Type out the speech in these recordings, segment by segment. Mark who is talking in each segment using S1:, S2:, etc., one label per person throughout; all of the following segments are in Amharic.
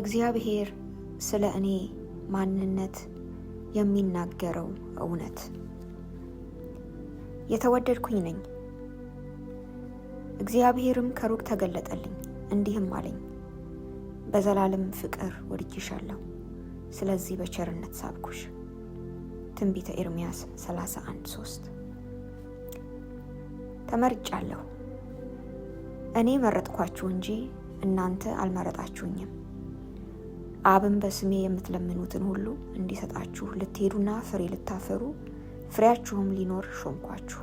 S1: እግዚአብሔር ስለ እኔ ማንነት የሚናገረው እውነት። የተወደድኩኝ ነኝ። እግዚአብሔርም ከሩቅ ተገለጠልኝ፣ እንዲህም አለኝ፣ በዘላለም ፍቅር ወድጅሻለሁ ስለዚህ በቸርነት ሳብኩሽ። ትንቢተ ኤርምያስ 31፥3 ተመርጫለሁ፣ እኔ መረጥኳችሁ እንጂ እናንተ አልመረጣችሁኝም አብን በስሜ የምትለምኑትን ሁሉ እንዲሰጣችሁ ልትሄዱና ፍሬ ልታፈሩ ፍሬያችሁም ሊኖር ሾምኳችሁ።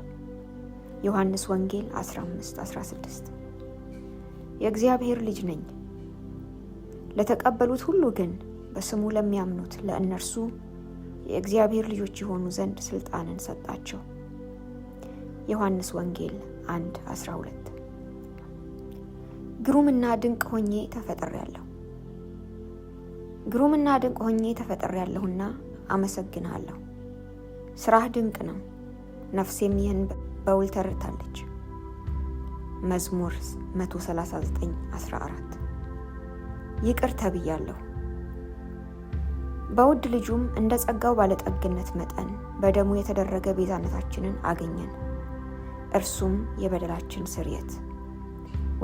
S1: ዮሐንስ ወንጌል 15 16 የእግዚአብሔር ልጅ ነኝ። ለተቀበሉት ሁሉ ግን በስሙ ለሚያምኑት ለእነርሱ የእግዚአብሔር ልጆች የሆኑ ዘንድ ስልጣንን ሰጣቸው። ዮሐንስ ወንጌል 1 12 ግሩምና ድንቅ ሆኜ ያለው። ግሩምና ድንቅ ሆኜ ተፈጥር ያለሁና አመሰግናለሁ። ስራህ ድንቅ ነው፣ ነፍሴም ይህን በውል ተረድታለች። መዝሙር 139:14 ይቅር ተብያለሁ። በውድ ልጁም እንደ ጸጋው ባለጠግነት መጠን በደሙ የተደረገ ቤዛነታችንን አገኘን፣ እርሱም የበደላችን ስርየት።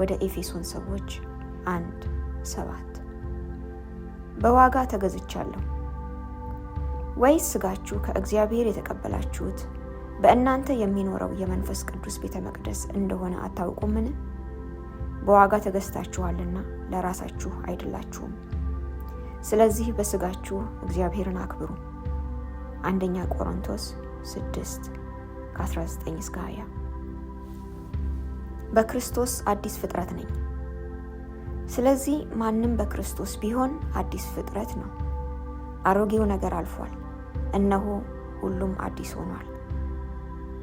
S1: ወደ ኤፌሶን ሰዎች አንድ ሰባት በዋጋ ተገዝቻለሁ። ወይስ ስጋችሁ ከእግዚአብሔር የተቀበላችሁት በእናንተ የሚኖረው የመንፈስ ቅዱስ ቤተ መቅደስ እንደሆነ አታውቁምን? በዋጋ ተገዝታችኋልና ለራሳችሁ አይደላችሁም። ስለዚህ በስጋችሁ እግዚአብሔርን አክብሩ። አንደኛ ቆሮንቶስ 6 ከ19 እስከ 20። በክርስቶስ አዲስ ፍጥረት ነኝ ስለዚህ ማንም በክርስቶስ ቢሆን አዲስ ፍጥረት ነው፣ አሮጌው ነገር አልፏል፣ እነሆ ሁሉም አዲስ ሆኗል።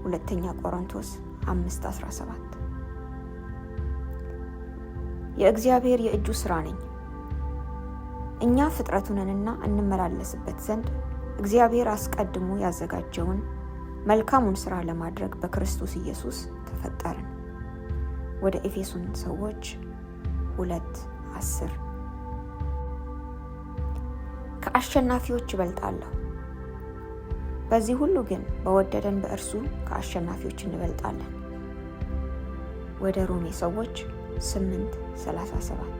S1: ሁለተኛ ቆሮንቶስ 5:17 የእግዚአብሔር የእጁ ሥራ ነኝ። እኛ ፍጥረቱንንና እንመላለስበት ዘንድ እግዚአብሔር አስቀድሞ ያዘጋጀውን መልካሙን ሥራ ለማድረግ በክርስቶስ ኢየሱስ ተፈጠርን። ወደ ኤፌሶን ሰዎች ሁለት አስር ከአሸናፊዎች እበልጣለሁ። በዚህ ሁሉ ግን በወደደን በእርሱ ከአሸናፊዎች እንበልጣለን። ወደ ሮሜ ሰዎች ስምንት ሰላሳ ሰባት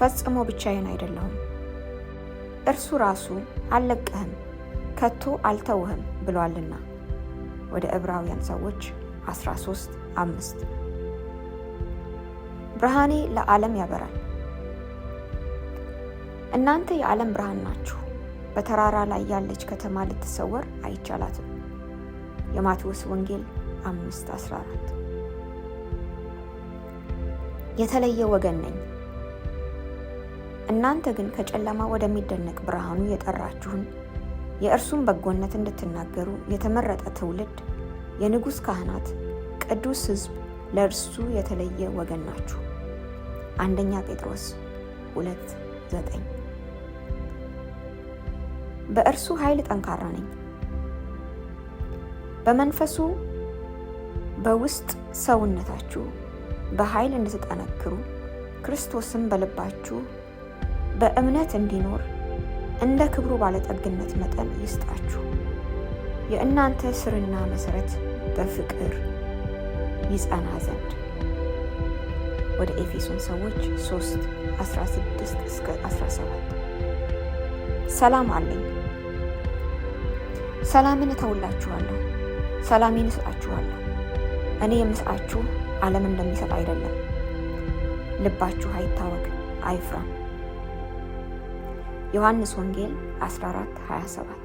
S1: ፈጽሞ ብቻዬን አይደለሁም፣ እርሱ ራሱ አልለቅህም ከቶ አልተውህም ብሏልና። ወደ ዕብራውያን ሰዎች 13 አምስት ብርሃኔ ለዓለም ያበራል። እናንተ የዓለም ብርሃን ናችሁ። በተራራ ላይ ያለች ከተማ ልትሰወር አይቻላትም። የማቴዎስ ወንጌል 5:14 የተለየ ወገን ነኝ። እናንተ ግን ከጨለማ ወደሚደነቅ ብርሃኑ የጠራችሁን የእርሱን በጎነት እንድትናገሩ የተመረጠ ትውልድ፣ የንጉሥ ካህናት፣ ቅዱስ ሕዝብ ለእርሱ የተለየ ወገን ናችሁ። አንደኛ ጴጥሮስ 29 በእርሱ ኃይል ጠንካራ ነኝ። በመንፈሱ በውስጥ ሰውነታችሁ በኃይል እንድትጠነክሩ ክርስቶስም በልባችሁ በእምነት እንዲኖር እንደ ክብሩ ባለጠግነት መጠን ይስጣችሁ። የእናንተ ስርና መሰረት በፍቅር ይጸና ዘንድ ወደ ኤፌሶን ሰዎች 3 16 እስከ 17 ሰላም አለኝ፣ ሰላምን እተውላችኋለሁ፣ ሰላሜን እሰጣችኋለሁ። እኔ የምሰጣችሁ ዓለም እንደሚሰጥ አይደለም። ልባችሁ አይታወክ፣ አይፍራም። ዮሐንስ ወንጌል 14 27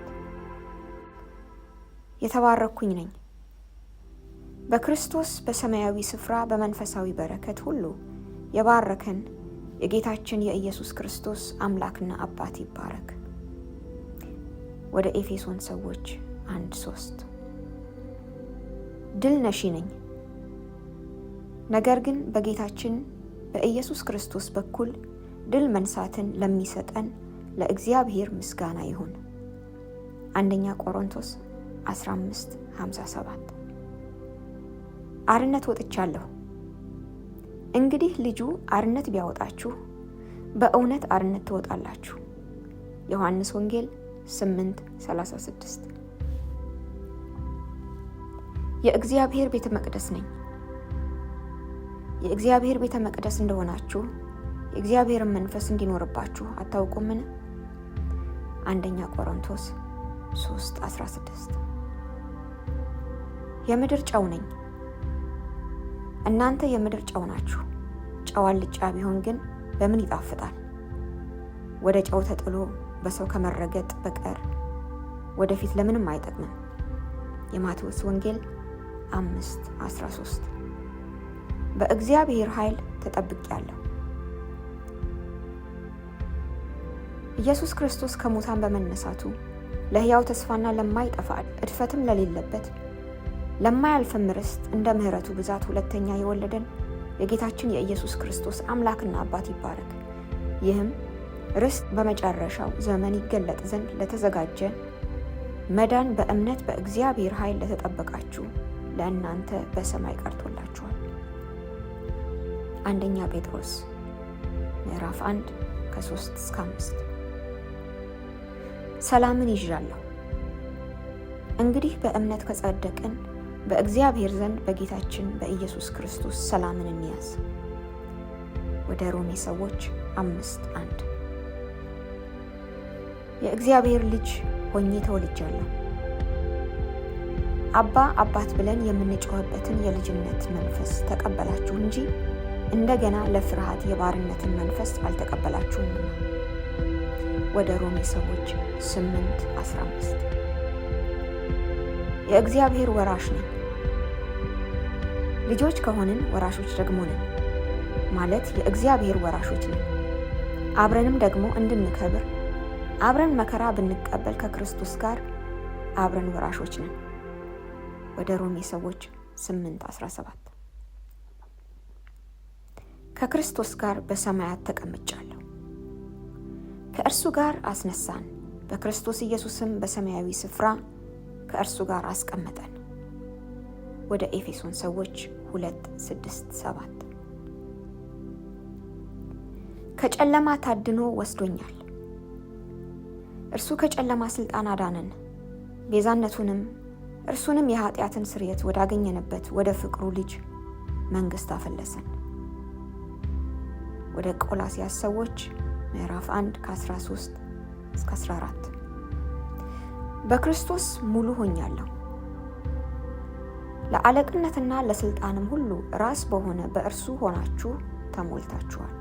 S1: የተባረኩኝ ነኝ በክርስቶስ በሰማያዊ ስፍራ በመንፈሳዊ በረከት ሁሉ የባረከን የጌታችን የኢየሱስ ክርስቶስ አምላክና አባት ይባረክ። ወደ ኤፌሶን ሰዎች አንድ ሶስት ድል ነሺ ነኝ፣ ነገር ግን በጌታችን በኢየሱስ ክርስቶስ በኩል ድል መንሳትን ለሚሰጠን ለእግዚአብሔር ምስጋና ይሁን። አንደኛ ቆሮንቶስ 1557። አርነት ወጥቻለሁ። እንግዲህ ልጁ አርነት ቢያወጣችሁ በእውነት አርነት ትወጣላችሁ። ዮሐንስ ወንጌል 8:36 የእግዚአብሔር ቤተ መቅደስ ነኝ። የእግዚአብሔር ቤተ መቅደስ እንደሆናችሁ የእግዚአብሔርን መንፈስ እንዲኖርባችሁ አታውቁምን? አንደኛ ቆሮንቶስ 3:16 የምድር ጨው ነኝ። እናንተ የምድር ጨው ናችሁ። ጨው አልጫ ቢሆን ግን በምን ይጣፍጣል? ወደ ጨው ተጥሎ በሰው ከመረገጥ በቀር ወደፊት ለምንም አይጠቅምም። የማቴዎስ ወንጌል 5:13 በእግዚአብሔር ኃይል ተጠብቄያለሁ። ኢየሱስ ክርስቶስ ከሙታን በመነሳቱ ለሕያው ተስፋና ለማይጠፋ እድፈትም ለሌለበት ለማያልፍም ርስት እንደ ምሕረቱ ብዛት ሁለተኛ የወለደን የጌታችን የኢየሱስ ክርስቶስ አምላክና አባት ይባረክ። ይህም ርስት በመጨረሻው ዘመን ይገለጥ ዘንድ ለተዘጋጀ መዳን በእምነት በእግዚአብሔር ኃይል ለተጠበቃችሁ ለእናንተ በሰማይ ቀርቶላችኋል። አንደኛ ጴጥሮስ ምዕራፍ 1 ከ3 እስከ 5። ሰላምን ይዣለሁ። እንግዲህ በእምነት ከጸደቅን በእግዚአብሔር ዘንድ በጌታችን በኢየሱስ ክርስቶስ ሰላምን እንያዝ። ወደ ሮሜ ሰዎች አምስት አንድ የእግዚአብሔር ልጅ ሆኜ ተወልጃለሁ። አባ አባት ብለን የምንጮህበትን የልጅነት መንፈስ ተቀበላችሁ እንጂ እንደገና ለፍርሃት የባርነትን መንፈስ አልተቀበላችሁም ወደ ሮሜ ሰዎች ስምንት አስራ የእግዚአብሔር ወራሽ ነኝ። ልጆች ከሆንን ወራሾች ደግሞ ነን ማለት የእግዚአብሔር ወራሾች ነን። አብረንም ደግሞ እንድንከብር አብረን መከራ ብንቀበል ከክርስቶስ ጋር አብረን ወራሾች ነን። ወደ ሮሜ ሰዎች 8:17 ከክርስቶስ ጋር በሰማያት ተቀምጫለሁ፣ ከእርሱ ጋር አስነሳን፣ በክርስቶስ ኢየሱስም በሰማያዊ ስፍራ ከእርሱ ጋር አስቀመጠን። ወደ ኤፌሶን ሰዎች 267 ከጨለማ ታድኖ ወስዶኛል። እርሱ ከጨለማ ስልጣን አዳነን፣ ቤዛነቱንም እርሱንም የኃጢአትን ስርየት ወዳገኘንበት ወደ ፍቅሩ ልጅ መንግስት አፈለሰን። ወደ ቆላስያስ ሰዎች ምዕራፍ 1 ከ13 እስከ 14 በክርስቶስ ሙሉ ሆኛለሁ። ለአለቅነትና ለስልጣንም ሁሉ ራስ በሆነ በእርሱ ሆናችሁ ተሞልታችኋል።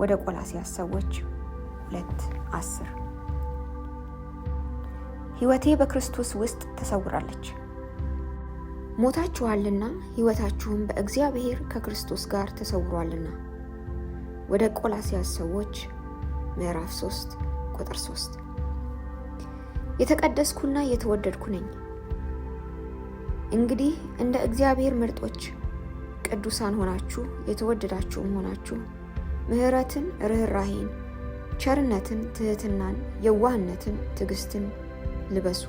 S1: ወደ ቆላሲያስ ሰዎች ሁለት አስር ሕይወቴ በክርስቶስ ውስጥ ተሰውራለች። ሞታችኋልና ሕይወታችሁም በእግዚአብሔር ከክርስቶስ ጋር ተሰውሯልና። ወደ ቆላሲያስ ሰዎች ምዕራፍ 3 ቁጥር 3 የተቀደስኩና የተወደድኩ ነኝ። እንግዲህ እንደ እግዚአብሔር ምርጦች ቅዱሳን ሆናችሁ የተወደዳችሁም ሆናችሁ ምሕረትን፣ ርኅራሄን፣ ቸርነትን፣ ትህትናን፣ የዋህነትን፣ ትዕግስትን ልበሱ።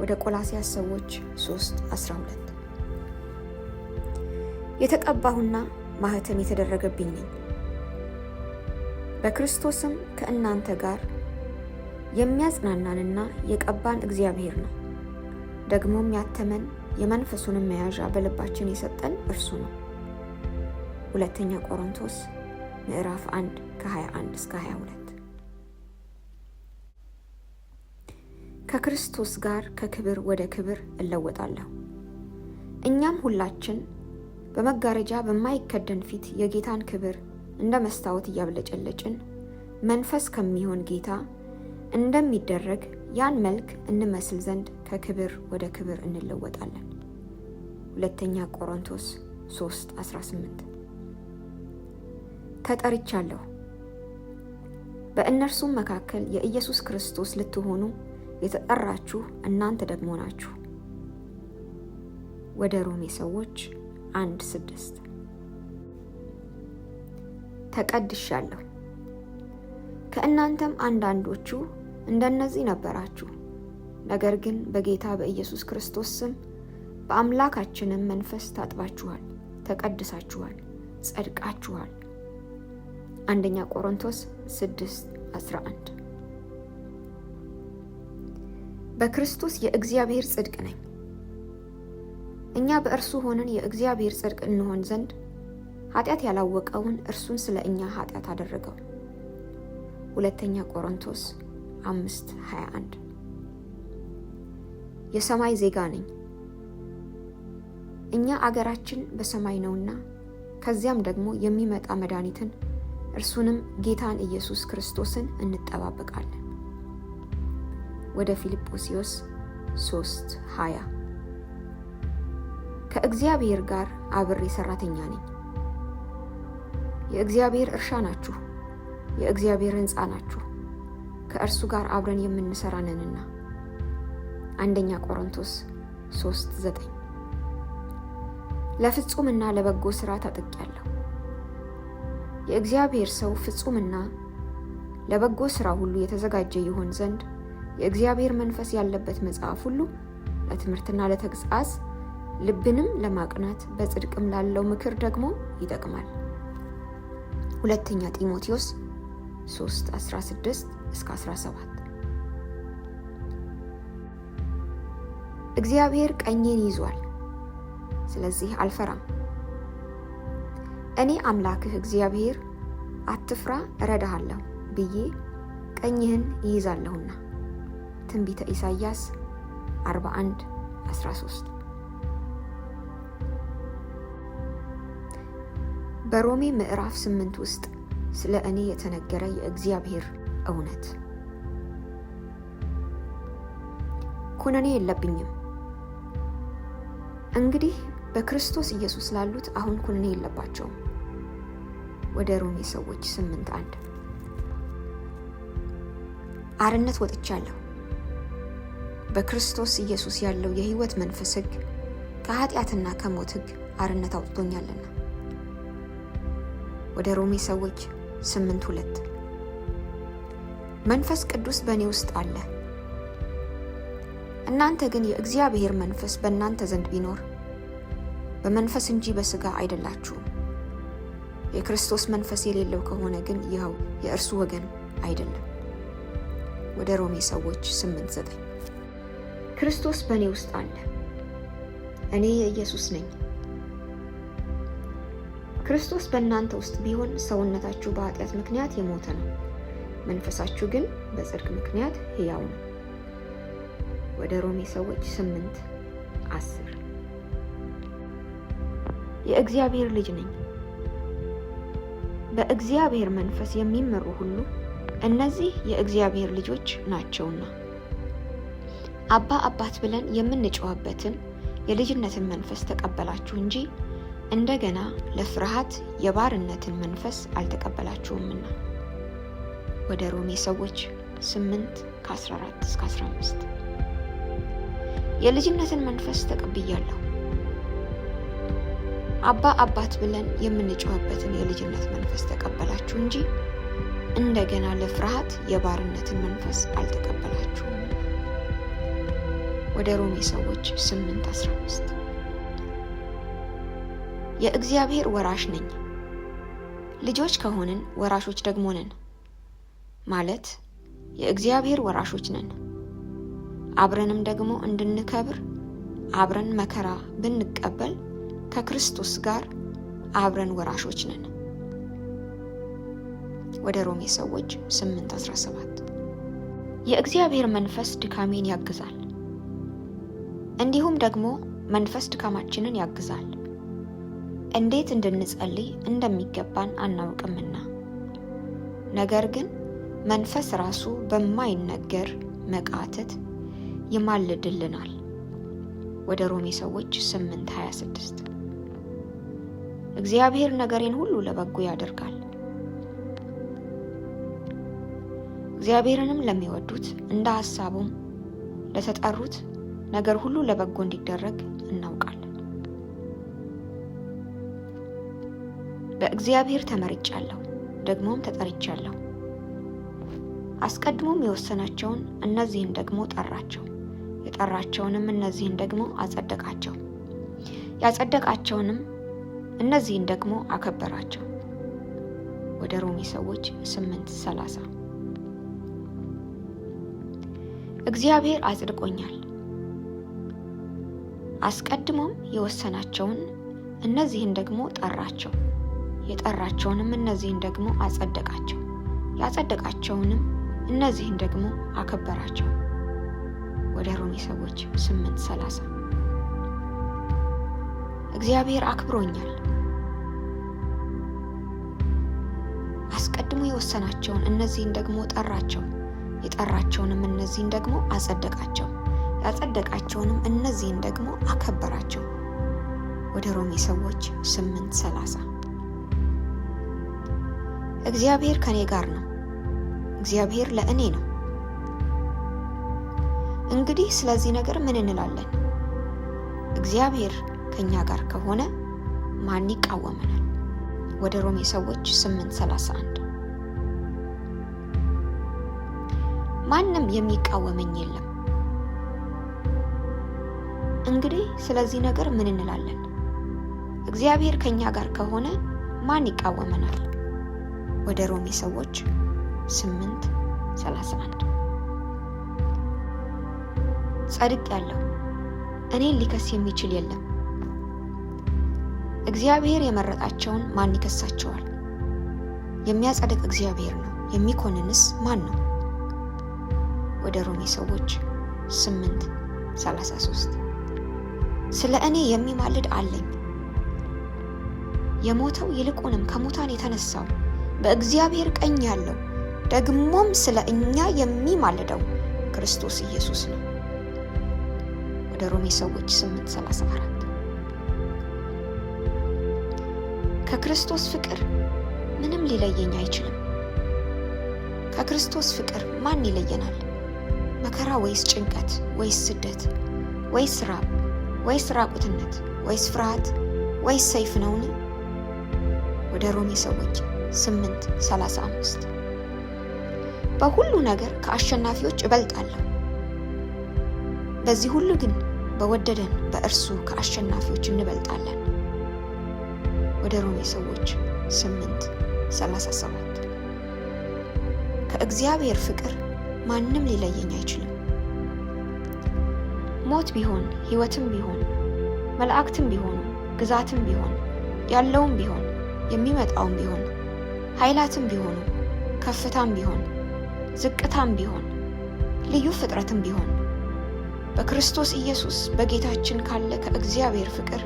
S1: ወደ ቆላሲያስ ሰዎች 3 12 የተቀባሁና ማህተም የተደረገብኝ ነኝ በክርስቶስም ከእናንተ ጋር የሚያጽናናንና የቀባን እግዚአብሔር ነው። ደግሞም ያተመን የመንፈሱንም መያዣ በልባችን የሰጠን እርሱ ነው። ሁለተኛ ቆሮንቶስ ምዕራፍ 1 ከ21 እስከ 22። ከክርስቶስ ጋር ከክብር ወደ ክብር እለወጣለሁ። እኛም ሁላችን በመጋረጃ በማይከደን ፊት የጌታን ክብር እንደ መስታወት እያብለጨለጭን መንፈስ ከሚሆን ጌታ እንደሚደረግ ያን መልክ እንመስል ዘንድ ከክብር ወደ ክብር እንለወጣለን። ሁለተኛ ቆሮንቶስ 3 18 ተጠርቻለሁ በእነርሱም መካከል የኢየሱስ ክርስቶስ ልትሆኑ የተጠራችሁ እናንተ ደግሞ ናችሁ። ወደ ሮሜ ሰዎች አንድ ስድስት ተቀድሻለሁ። ከእናንተም አንዳንዶቹ እንደነዚህ ነበራችሁ። ነገር ግን በጌታ በኢየሱስ ክርስቶስ ስም በአምላካችንም መንፈስ ታጥባችኋል፣ ተቀድሳችኋል፣ ጸድቃችኋል። አንደኛ ቆሮንቶስ 6 11 በክርስቶስ የእግዚአብሔር ጽድቅ ነኝ። እኛ በእርሱ ሆነን የእግዚአብሔር ጽድቅ እንሆን ዘንድ ኃጢአት ያላወቀውን እርሱን ስለ እኛ ኃጢአት አደረገው። ሁለተኛ ቆሮንቶስ አምስት 21 የሰማይ ዜጋ ነኝ። እኛ አገራችን በሰማይ ነውና ከዚያም ደግሞ የሚመጣ መድኃኒትን እርሱንም ጌታን ኢየሱስ ክርስቶስን እንጠባበቃለን። ወደ ፊልጶስዎስ 3 20 ከእግዚአብሔር ጋር አብሬ ሰራተኛ ነኝ። የእግዚአብሔር እርሻ ናችሁ፣ የእግዚአብሔር ህንፃ ናችሁ ከእርሱ ጋር አብረን የምንሰራ ነንና። አንደኛ ቆሮንቶስ 3:9 ለፍጹምና ለበጎ ሥራ ታጥቄያለሁ። የእግዚአብሔር ሰው ፍጹምና ለበጎ ስራ ሁሉ የተዘጋጀ ይሆን ዘንድ የእግዚአብሔር መንፈስ ያለበት መጽሐፍ ሁሉ ለትምህርትና ለተግሣጽ ልብንም ለማቅናት በጽድቅም ላለው ምክር ደግሞ ይጠቅማል። ሁለተኛ ጢሞቴዎስ 3:16 እስከ 17 እግዚአብሔር ቀኝን ይዟል፣ ስለዚህ አልፈራም። እኔ አምላክህ እግዚአብሔር አትፍራ፣ እረዳሃለሁ ብዬ ቀኝህን ይይዛለሁና። ትንቢተ ኢሳይያስ 41 13 በሮሜ ምዕራፍ 8 ውስጥ ስለ እኔ የተነገረ የእግዚአብሔር እውነት ኩነኔ የለብኝም። እንግዲህ በክርስቶስ ኢየሱስ ላሉት አሁን ኩነኔ የለባቸውም። ወደ ሮሜ ሰዎች ስምንት አንድ አርነት ወጥቻለሁ። በክርስቶስ ኢየሱስ ያለው የህይወት መንፈስ ህግ ከኃጢአትና ከሞት ህግ አርነት አውጥቶኛለና ወደ ሮሜ ሰዎች ስምንት ሁለት መንፈስ ቅዱስ በእኔ ውስጥ አለ። እናንተ ግን የእግዚአብሔር መንፈስ በእናንተ ዘንድ ቢኖር በመንፈስ እንጂ በሥጋ አይደላችሁም። የክርስቶስ መንፈስ የሌለው ከሆነ ግን ይኸው የእርሱ ወገን አይደለም። ወደ ሮሜ ሰዎች 8:9 ክርስቶስ በእኔ ውስጥ አለ፣ እኔ የኢየሱስ ነኝ። ክርስቶስ በእናንተ ውስጥ ቢሆን ሰውነታችሁ በኃጢአት ምክንያት የሞተ ነው መንፈሳችሁ ግን በጽድቅ ምክንያት ሕያው ነው። ወደ ሮሜ ሰዎች ስምንት አስር የእግዚአብሔር ልጅ ነኝ። በእግዚአብሔር መንፈስ የሚመሩ ሁሉ እነዚህ የእግዚአብሔር ልጆች ናቸውና አባ አባት ብለን የምንጮህበትን የልጅነትን መንፈስ ተቀበላችሁ እንጂ እንደገና ለፍርሃት የባርነትን መንፈስ አልተቀበላችሁምና ወደ ሮሜ ሰዎች 8 ከ14 እስከ 15 የልጅነትን መንፈስ ተቀብያለሁ። አባ አባት ብለን የምንጨዋበትን የልጅነት መንፈስ ተቀበላችሁ እንጂ እንደገና ለፍርሃት የባርነትን መንፈስ አልተቀበላችሁም። ወደ ሮሜ ሰዎች 8 15 የእግዚአብሔር ወራሽ ነኝ። ልጆች ከሆንን ወራሾች ደግሞ ነን። ማለት የእግዚአብሔር ወራሾች ነን። አብረንም ደግሞ እንድንከብር አብረን መከራ ብንቀበል ከክርስቶስ ጋር አብረን ወራሾች ነን። ወደ ሮሜ ሰዎች 8:17 የእግዚአብሔር መንፈስ ድካሜን ያግዛል፣ እንዲሁም ደግሞ መንፈስ ድካማችንን ያግዛል። እንዴት እንድንጸልይ እንደሚገባን አናውቅምና ነገር ግን መንፈስ ራሱ በማይነገር መቃተት ይማልድልናል። ወደ ሮሜ ሰዎች 8:26 እግዚአብሔር ነገሬን ሁሉ ለበጎ ያደርጋል፣ እግዚአብሔርንም ለሚወዱት እንደ ሐሳቡም ለተጠሩት ነገር ሁሉ ለበጎ እንዲደረግ እናውቃለን። በእግዚአብሔር ተመርጫለሁ ደግሞም ተጠርቻለሁ። አስቀድሞም የወሰናቸውን እነዚህን ደግሞ ጠራቸው፣ የጠራቸውንም እነዚህን ደግሞ አጸደቃቸው፣ ያጸደቃቸውንም እነዚህን ደግሞ አከበራቸው። ወደ ሮሜ ሰዎች ስምንት ሰላሳ እግዚአብሔር አጽድቆኛል። አስቀድሞም የወሰናቸውን እነዚህን ደግሞ ጠራቸው፣ የጠራቸውንም እነዚህን ደግሞ አጸደቃቸው፣ ያጸደቃቸውንም እነዚህን ደግሞ አከበራቸው። ወደ ሮሜ ሰዎች 8:30 እግዚአብሔር አክብሮኛል። አስቀድሞ የወሰናቸውን እነዚህን ደግሞ ጠራቸው፣ የጠራቸውንም እነዚህን ደግሞ አጸደቃቸው፣ ያጸደቃቸውንም እነዚህን ደግሞ አከበራቸው። ወደ ሮሜ ሰዎች 8:30 እግዚአብሔር ከኔ ጋር ነው እግዚአብሔር ለእኔ ነው። እንግዲህ ስለዚህ ነገር ምን እንላለን? እግዚአብሔር ከእኛ ጋር ከሆነ ማን ይቃወመናል? ወደ ሮሜ ሰዎች 8:31 ማንም የሚቃወመኝ የለም። እንግዲህ ስለዚህ ነገር ምን እንላለን? እግዚአብሔር ከእኛ ጋር ከሆነ ማን ይቃወመናል? ወደ ሮሜ ሰዎች ስምንት ሰላሳ አንድ ጸድቅ ያለው እኔን ሊከስ የሚችል የለም። እግዚአብሔር የመረጣቸውን ማን ይከሳቸዋል? የሚያጸድቅ እግዚአብሔር ነው። የሚኮንንስ ማን ነው? ወደ ሮሜ ሰዎች ስምንት ሰላሳ ሶስት ስለ እኔ የሚማልድ አለኝ የሞተው ይልቁንም ከሙታን የተነሳው በእግዚአብሔር ቀኝ ያለው ደግሞም ስለ እኛ የሚማልደው ክርስቶስ ኢየሱስ ነው። ወደ ሮሜ ሰዎች 8:34 ከክርስቶስ ፍቅር ምንም ሊለየኝ አይችልም። ከክርስቶስ ፍቅር ማን ይለየናል? መከራ ወይስ ጭንቀት ወይስ ስደት ወይስ ራብ ወይስ ራቁትነት ወይስ ፍርሃት ወይስ ሰይፍ ነውን? ወደ ሮሜ ሰዎች 8:35 በሁሉ ነገር ከአሸናፊዎች እበልጣለሁ። በዚህ ሁሉ ግን በወደደን በእርሱ ከአሸናፊዎች እንበልጣለን። ወደ ሮሜ ሰዎች 8 37 ከእግዚአብሔር ፍቅር ማንም ሊለየኝ አይችልም። ሞት ቢሆን ሕይወትም ቢሆን መላእክትም ቢሆኑ ግዛትም ቢሆን ያለውም ቢሆን የሚመጣውም ቢሆን ኃይላትም ቢሆኑ ከፍታም ቢሆን ዝቅታም ቢሆን ልዩ ፍጥረትም ቢሆን በክርስቶስ ኢየሱስ በጌታችን ካለ ከእግዚአብሔር ፍቅር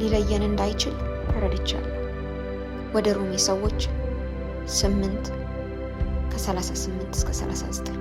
S1: ሊለየን እንዳይችል ረድቻለሁ። ወደ ሮሜ ሰዎች 8 ከ38 እስከ 39